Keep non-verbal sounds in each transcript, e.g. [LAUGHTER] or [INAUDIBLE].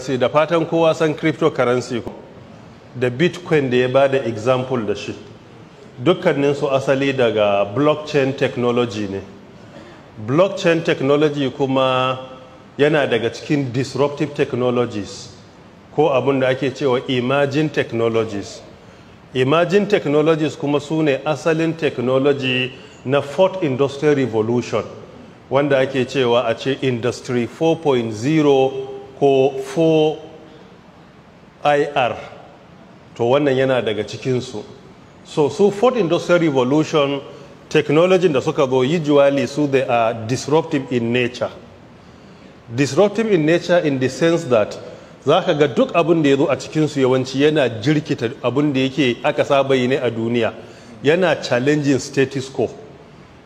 sai da fatan kowa san cryptocurrency da bitcoin da ya ba da example da shi dukkanin su asali daga blockchain technology ne blockchain technology kuma yana daga cikin disruptive technologies ko abin da ake cewa emerging technologies emerging technologies kuma su ne asalin technology na fourth industrial revolution wanda ake cewa a ce industry 4.0 ko 4IR to wannan yana daga cikinsu so su so fourth industrial revolution technology da suka zo usually su so they are disruptive in nature disruptive in nature in the sense that za ka ga duk abin da ya zo a cikinsu yawanci yana jirkita abin da yake aka saba yi ne a duniya yana challenging status quo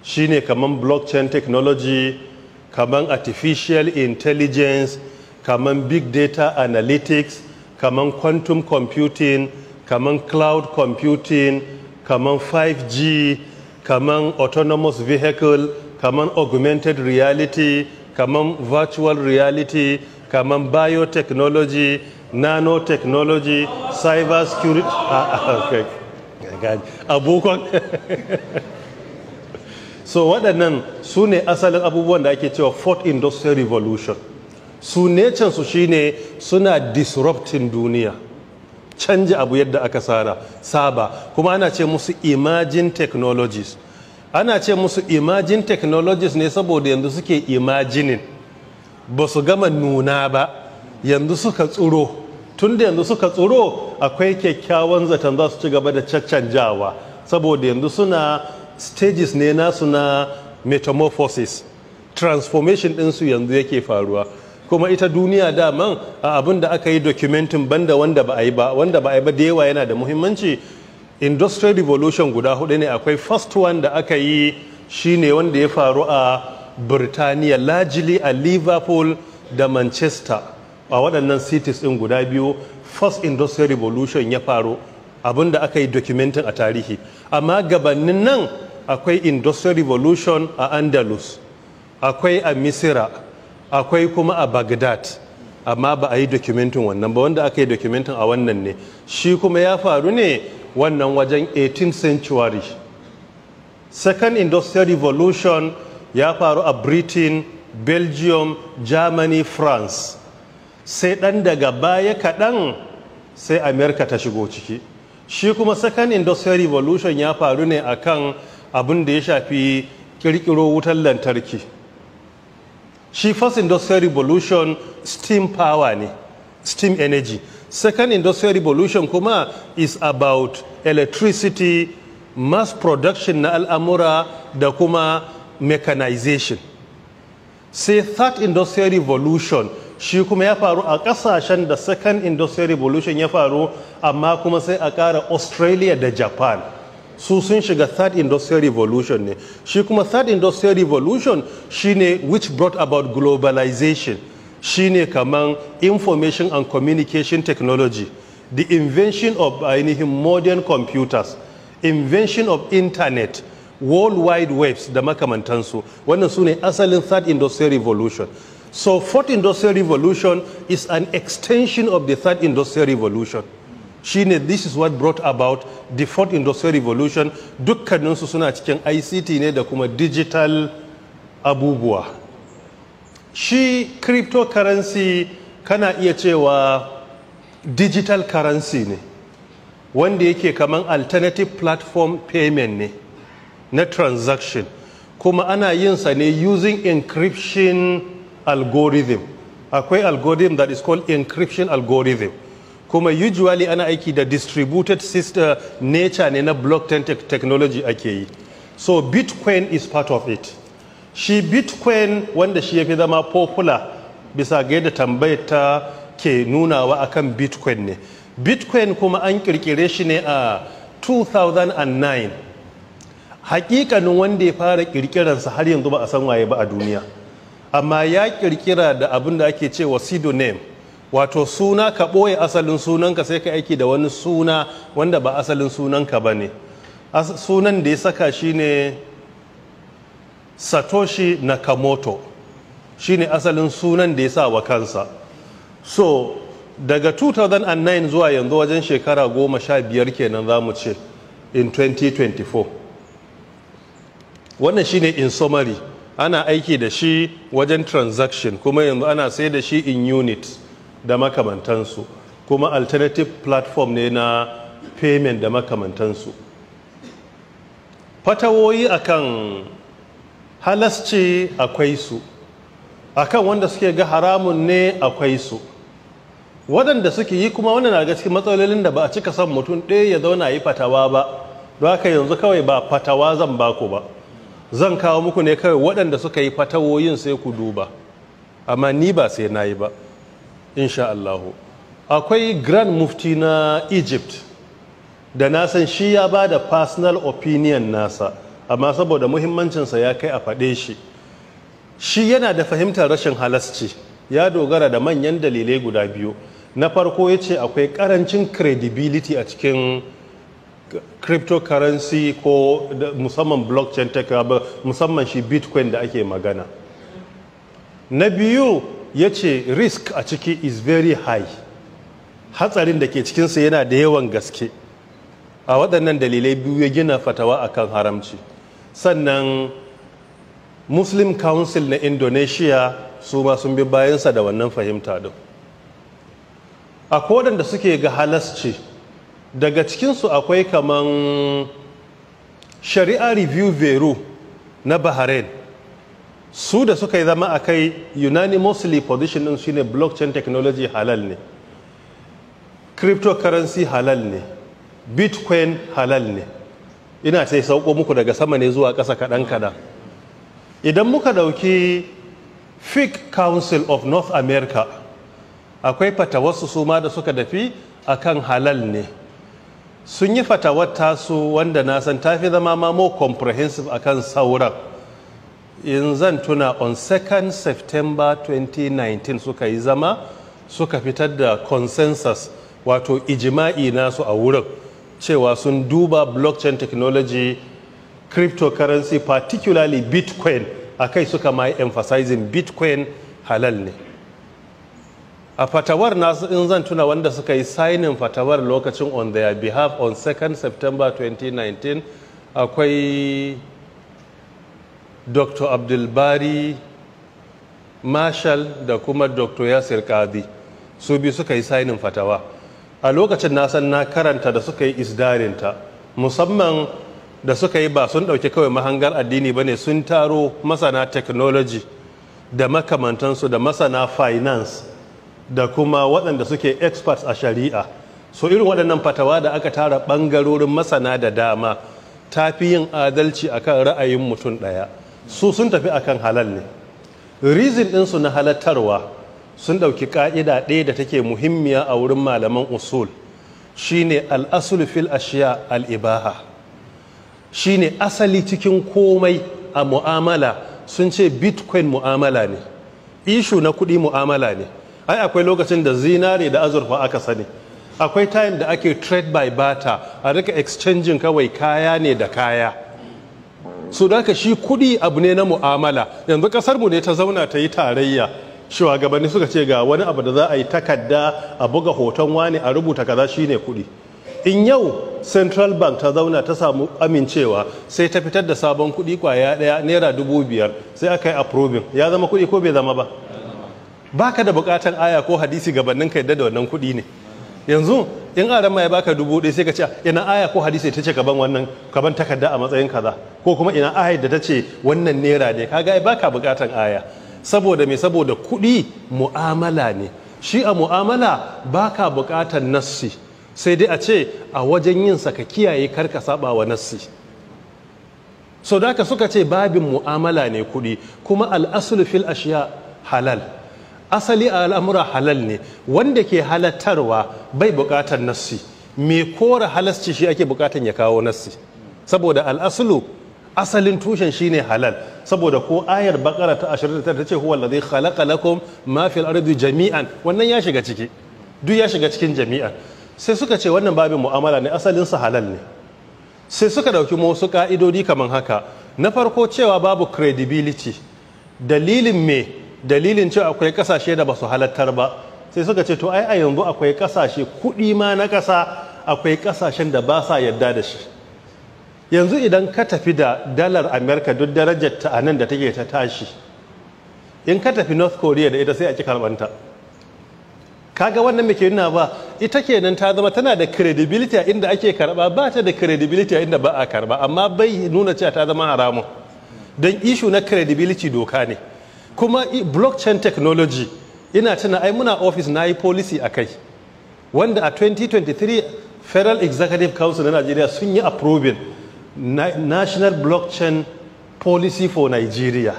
shine kamar blockchain technology kamar artificial intelligence kaman big data analytics kaman quantum computing kaman cloud computing kaman 5g kaman autonomous vehicle kaman augmented reality kaman virtual reality kaman biotechnology nanotechnology cyber security abokan [LAUGHS] ah, ah, [LAUGHS] so waɗannan su ne asalin abubuwan da ake cewa fourth industrial revolution su can su shine suna disrupting duniya canja abu yadda aka sara saba kuma ana ce musu imagine technologies ana ce musu imagine technologies ne saboda yanzu suke imaginin ba su gama nuna ba yanzu suka tsuro tun da yanzu suka tsuro akwai kyakkyawan zaton za su ci gaba da caccanjawa saboda yanzu suna stages ne nasu na metamorphosis transformation ɗinsu yanzu yake faruwa kuma ita duniya daman a abin da aka yi dokumentin banda wanda ba a yi ba wanda ba a yi ba da yawa yana da muhimmanci industrial revolution guda hudu ne akwai first one da aka yi shine wanda ya faru a birtaniya largely a liverpool da manchester a waɗannan cities ɗin guda biyu first industrial revolution ya faru abin da aka yi dokumentin a tarihi amma gabanin nan akwai industrial revolution a andalus akwai a misira akwai kuma a Bagdad amma ba a yi dokumentin wannan ba wanda aka yi dokumentin a wannan ne shi kuma ya faru ne wannan wajen 18th century second industrial revolution ya faru a britain belgium germany france sai dan daga baya kaɗan sai america ta shigo ciki shi kuma second industrial revolution ya faru ne akan abin da ya shafi kirkiro wutar lantarki shi first industrial revolution steam power ne steam energy second industrial revolution kuma is about electricity mass production na al'amura da kuma mechanization sai third industrial revolution shi kuma ya faru a kasashen da second industrial revolution ya faru amma kuma sai a kara australia da japan su sun shiga third industrial revolution ne shi kuma third industrial revolution shine which brought about globalization shine kaman information and communication technology the invention of ainihin modern computers invention of internet world wide webs da makamantansu wannan su ne asalin third industrial revolution so fourth industrial revolution is an extension of the third industrial revolution shine this is what brought about the fourth industrial revolution dukkaninsu suna cikin ict ne da kuma digital abubuwa shi cryptocurrency kana iya cewa digital currency ne wanda yake kaman alternative platform payment ne na transaction kuma ana yin sa ne using encryption algorithm akwai algorithm that is called encryption algorithm kuma usually ana aiki da distributed sister uh, nature ne na blockchain technology ake yi so bitcoin is part of it shi bitcoin wanda shi ya fi zama popular bisa ga yadda tambayar ta ke nunawa akan bitcoin ne bitcoin kuma an kirkire shi ne a 2009 hakikanin wanda ya fara kirkiransa har yanzu ba a san waye ba a duniya amma ya kirkira da abin da ake cewa pseudonym wato suna ka ɓoye asalin sunanka sai ka aiki da wani suna wanda ba asalin sunanka ba ne sunan da ya saka shi ne satoshi nakamoto shi ne asalin sunan da ya sa wa kansa so daga 2009 zuwa yanzu wajen shekara goma sha biyar kenan za mu ce in 2024 wannan shi ne in summary ana aiki da shi wajen transaction kuma yanzu ana sai da shi in unit da makamantansu kuma alternative platform ne na payment da makamantansu fatawoyi akan halasci akwai su akan wanda suke ga haramun ne akwai su waɗanda suke yi kuma na ga cikin matsalolin da ba a cika son mutum ɗaya ya zauna yi fatawa ba don haka yanzu kawai ba fatawa zan ba ku ba zan kawo muku ne kawai waɗanda suka yi fatawoyin sai ku duba amma ni ba sai na yi ba insha Allah akwai grand mufti na Egypt da na san shi ya ba da personal opinion nasa amma saboda muhimmancinsa ya kai a faɗe shi shi yana da fahimtar rashin halasci ya dogara da manyan dalilai guda biyu na farko ya ce akwai karancin credibility a cikin cryptocurrency ko musamman blockchain tech musamman shi bitcoin da ake magana na biyu ya ce risk a ciki is very high hatsarin da ke cikinsa yana da yawan gaske a waɗannan dalilai biyu ya gina fatawa akan haramci sannan muslim council na indonesia su ma sun bi bayansa da wannan fahimta din a kodan da suke ga halasci daga cikinsu akwai kaman shari'a review vero na bahrain su da suka yi zama a kai unanimously position din shine blockchain technology halal ne cryptocurrency halal ne bitcoin halal ne ina sai sauko muku daga sama ne zuwa ƙasa kaɗan kaɗan idan muka ɗauki fic council of north america akwai fatawarsu su ma da suka dafi a kan halal ne sun yi fatawar tasu wanda na san tafi zama ma more comprehensive a kan sauran in zan tuna on 2nd september 2019 suka yi zama suka fitar da consensus wato ijima'i nasu a wurin cewa sun duba blockchain technology cryptocurrency particularly bitcoin a kai suka ma emphasizing bitcoin halal ne a fatawar nasu in zan tuna wanda suka yi signing fatawar lokacin on their behalf on 2nd september 2019 akwai dr abdulbari marshall da kuma dr yasir kadi su biyu suka yi sainin fatawa a lokacin na san na karanta da suka yi isdarinta musamman da suka yi ba sun ɗauki kawai mahangar addini ba ne sun taro masana technology da makamantansu da masana finance da kuma waɗanda suke experts a shari'a so irin waɗannan fatawa da aka tara ɓangarorin masana da dama ta fi yin adalci akan ra'ayin mutum ɗaya su sun tafi akan halal ne rizin ɗinsu na halattarwa sun ɗauki ƙa'ida ɗaya da take muhimmiya a wurin malaman usul shine al'asul fil ashiya al'ibaha shine asali cikin komai a mu'amala sun ce bitcoin mu'amala ne ishu na kuɗi mu'amala ne ai akwai lokacin da zinare da azurfa aka sani akwai time da ake trade by barter a rika exchanging kawai kaya ne da kaya su da shi kuɗi abu ne na mu'amala yanzu kasarmu ne ta zauna ta yi tarayya shugabanni suka ce ga wani abu da za a yi takarda a buga hoton wani a rubuta kaza shi ne kuɗi in yau central bank ta zauna ta samu amincewa sai ta fitar da sabon kuɗi kwaya daya naira dubu biyar sai aka yi approving ya zama kuɗi ko bai zama ba baka da bukatan aya ko hadisi gabanin ka yadda da wannan kuɗi ne yanzu in a ya baka dubu ɗaya sai ka ce ina aya ko hadisi ta ce kaban wannan kaban takarda a matsayin kaza ko kuma ina ayar da ta ce wannan naira ne kaga ba ka bukatan aya saboda me saboda kuɗi mu'amala ne shi a mu'amala baka ka bukatan nassi sai dai a ce a wajen yin sa ka kiyaye karka saba wa nassi so da suka ce babin mu'amala ne kuɗi kuma al'asul fil ashiya halal asali a al'amura halal ne wanda ke halattarwa bai bukatar nassi Me kora halasci shi ake bukatan ya kawo nassi saboda al'asulu asalin tushen shine halal saboda ko ayar bakara ta 29 ta ce huwa allazi khalaqa lakum ma fil ardi jami'an wannan ya shiga ciki duk ya shiga cikin jami'an sai suka ce wannan babin mu'amala ne asalin sa halal ne sai suka dauki wasu ka'idodi kaman haka na farko cewa babu credibility dalilin me dalilin cewa akwai kasashe da basu su halattar ba sai suka ce to ai a yanzu akwai kasashe kuɗi ma na ƙasa akwai kasashen da ba sa yadda da shi yanzu idan ka tafi da dalar amerika duk darajar ta a nan da take ta tashi in ka tafi north korea da ita sai a ci karbanta kaga wannan muke nuna ba ita ke nan ta zama tana da credibility a inda ake karba ba ta da credibility a inda ba a karba amma bai nuna cewa ta zama haramun don ishu na credibility doka ne kuma blockchain technology ina tuna ai muna office na yi policy a kai wanda a 2023 federal executive council na nigeria sun yi approving national blockchain policy for nigeria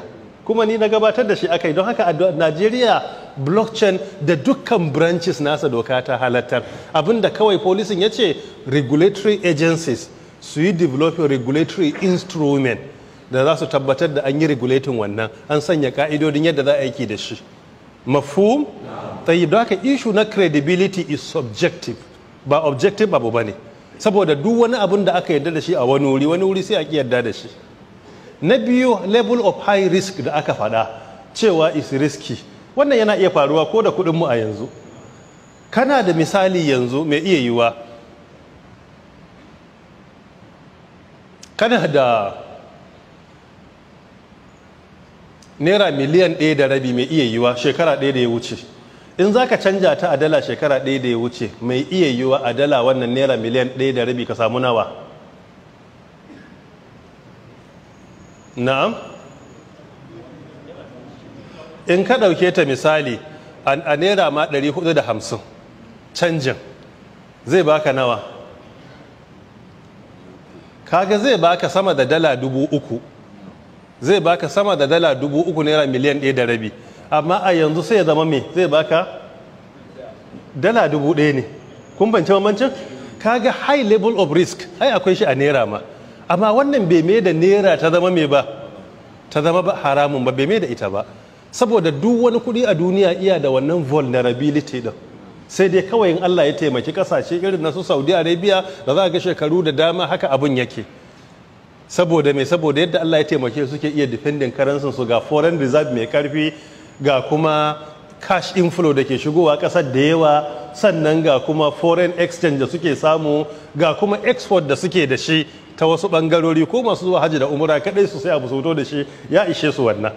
kuma ni na gabatar da shi aka yi don haka a nigeria blockchain da dukkan branches nasa doka ta halattar abinda kawai policing ya ce regulatory agencies su yi developing regulatory instrument da za su tabbatar da an yi regulating wannan an sanya ka'idodin yadda za a aiki da shi mafhum tayyib don haka issue na credibility is subjective ba objective abu ba ne. saboda duk wani abin da aka yarda da shi a wani wuri wani wuri sai a ki yarda da shi na biyu level of high risk da aka faɗa cewa is risky wannan yana iya faruwa ko da kuɗinmu a yanzu kana da misali yanzu mai iya yiwa kana da naira miliyan ɗaya da rabi mai iya yiwa shekara ɗaya da ya wuce in za ka canja ta a dala shekara ɗaya da ya wuce mai iya yiwa a dala wannan naira miliyan ɗaya da rabi ka samu nawa na'am in ka ɗauke ta misali a naira ma 450 canjin zai baka nawa kaga zai baka sama da dala dubu uku zai baka sama da dala dubu uku naira miliyan ɗaya da rabi amma a yanzu sai ya zama me zai baka dala dubu ɗaya ne kun bance ka kaga high level of risk ai akwai shi a naira ma amma wannan bai mai da naira ta zama me ba ta zama ba haramun ba bai mai da ita ba saboda duk wani kuɗi a duniya iya da wannan vulnerability din sai dai kawai in Allah ya taimaki kasashe irin na su Saudi Arabia da za ga shekaru da dama haka abun yake saboda me saboda yadda Allah ya taimake suke iya defending currency su ga foreign reserve mai karfi ga kuma cash inflow da ke shigowa ƙasar da yawa sannan ga kuma foreign exchange da suke samu ga kuma export da suke da shi ta wasu ɓangarori ko masu zuwa hajji da umura kadai su sai abu soto da shi ya ishe su wannan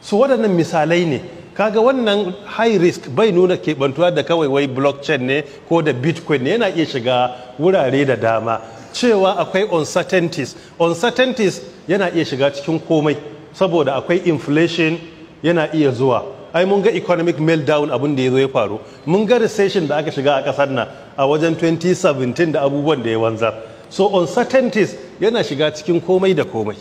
su waɗannan misalai ne kaga wannan high risk bai nuna keɓantuwa da kawai wai blockchain ne ko da bitcoin ne yana iya shiga wurare da dama cewa akwai uncertainties uncertainties yana iya shiga cikin komai saboda akwai inflation yana iya zuwa ai mun ga economic meltdown abin da ya zo ya faru mun ga recession da aka shiga a kasar nan a wajen 2017 da abubuwan da ya wanzar so uncertainties yana shiga cikin komai da komai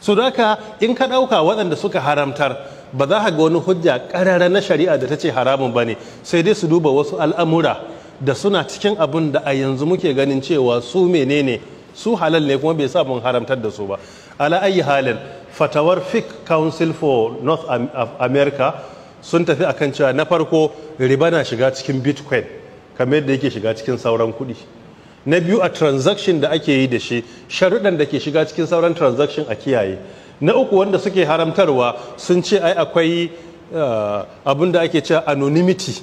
so da haka in ka ɗauka waɗanda suka haramtar ba za ka ga wani hujja ƙarara na shari'a da ta ce haramun ba ne sai dai su duba wasu al'amura da suna cikin abun da a yanzu muke ganin cewa su menene su halal ne kuma bai sa mun haramtar da su ba ala ayi halin fatawar fic council for north america sun tafi akan cewa na farko riba na shiga cikin bitcoin kamar yadda yake shiga cikin sauran kudi. na biyu a transaction da ake yi da shi sharuɗan da ke shiga cikin sauran transaction a kiyaye na uku wanda suke haramtarwa sun ce ai akwai eh, abin da ake cewa anonymity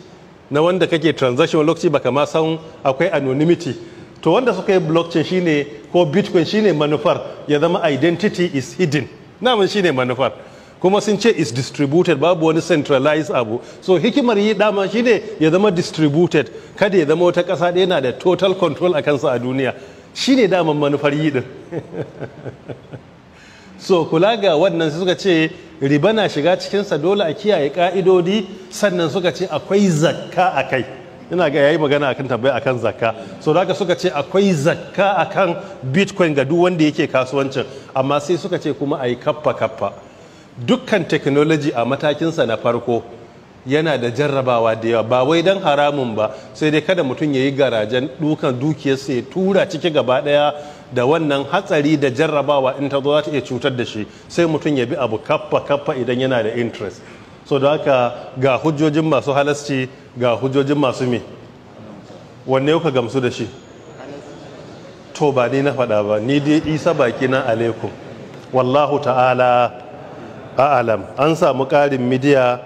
na wanda kake transaction lokaci baka ma san akwai anonymity to wanda suka yi blockchain shine ko bitcoin shine manufar ya zama identity is hidden naman shine manufar kuma sun ce is distributed babu wani centralized abu so hikimar yi dama shine ya zama distributed kada ya zama wata ƙasa ɗaya na da total control a kansa a duniya shine daman manufar yi din [LAUGHS] so kula ga wannan suka ce riba na shiga cikinsa dole a kiyaye ka'idodi sannan suka ce akwai zakka a kai ina ga yayi magana akan tambaya akan zakka so da suka ce akwai zakka akan bitcoin ga duk wanda yake kasuwancin amma sai suka ce kuma ayi kaffa kaffa dukkan technology a matakinsa na farko yana da jarrabawa da yawa ba wai don haramun ba sai dai kada mutum ya yi garajen dukan dukiyarsa ya tura ciki gaba daya da wannan hatsari da jarrabawa in ta zo za ta iya cutar da shi sai mutum ya bi abu kappa kappa idan yana da interest so da haka ga hujjojin masu halasci ga hujjojin masu mi wanne yau ka gamsu da shi to ba ni na faɗa ba ni dai isa baki na alaikum wallahu ta'ala a'alam an samu ƙarin midiya